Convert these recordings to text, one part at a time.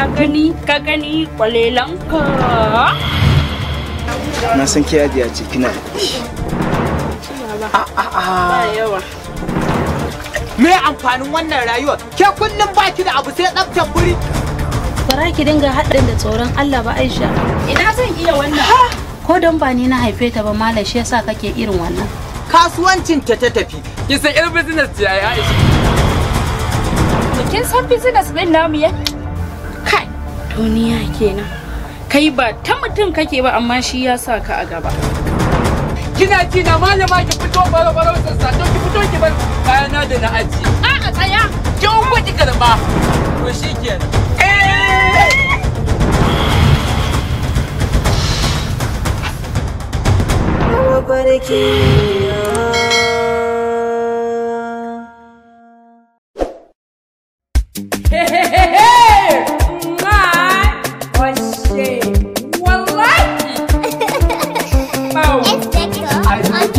ka gani ka gani na san ki ajiya ce kina a ah, ah, ah. a me amfanin wannan rayuwar ke kullum baki da abu sai tsaftar buri bara ki dinga haɗin da tsoron Allah ba Aisha ina zan iya wannan ko don ba ni na haife ta ba malam shi yasa kake irin wannan kasuwancin ta ta tafi ki san irin business ya yayi Aisha kin san business din namu ya duniya kenan kai ba ta mutum kake ba amma shi ya sa ka a gaba kina ji na malama ki fito baro baro sassato ki fito ki bar kayana da na aji a a tsaya ki ungo ki karba to shikenan eh barki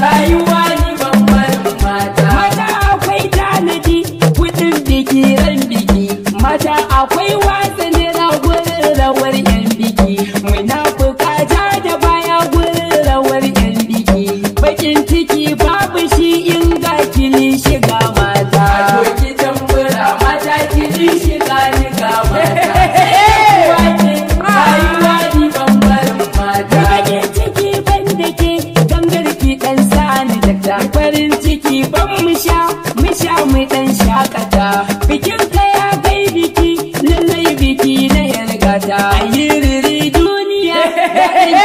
rayuwa ni mata. akwai tanadi biki bikin ka ya kai biki lallai biki na yargata ayyiriri duniya da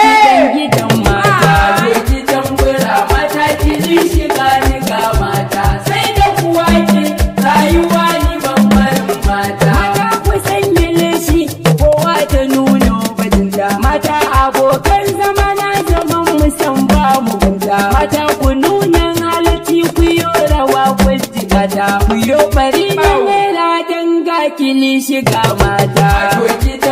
gidan gidan mata zai ah! ji tambura mata ki shiga ni ga mata sai da kuwa ke rayuwa ni babbar mata mata ku sanya leshi kowa ta nuna bajinta mata abokan zama na zaman musan ba mu mata ku nuna halitti ku yi rawa ku jigata ku yi wakili shiga mata.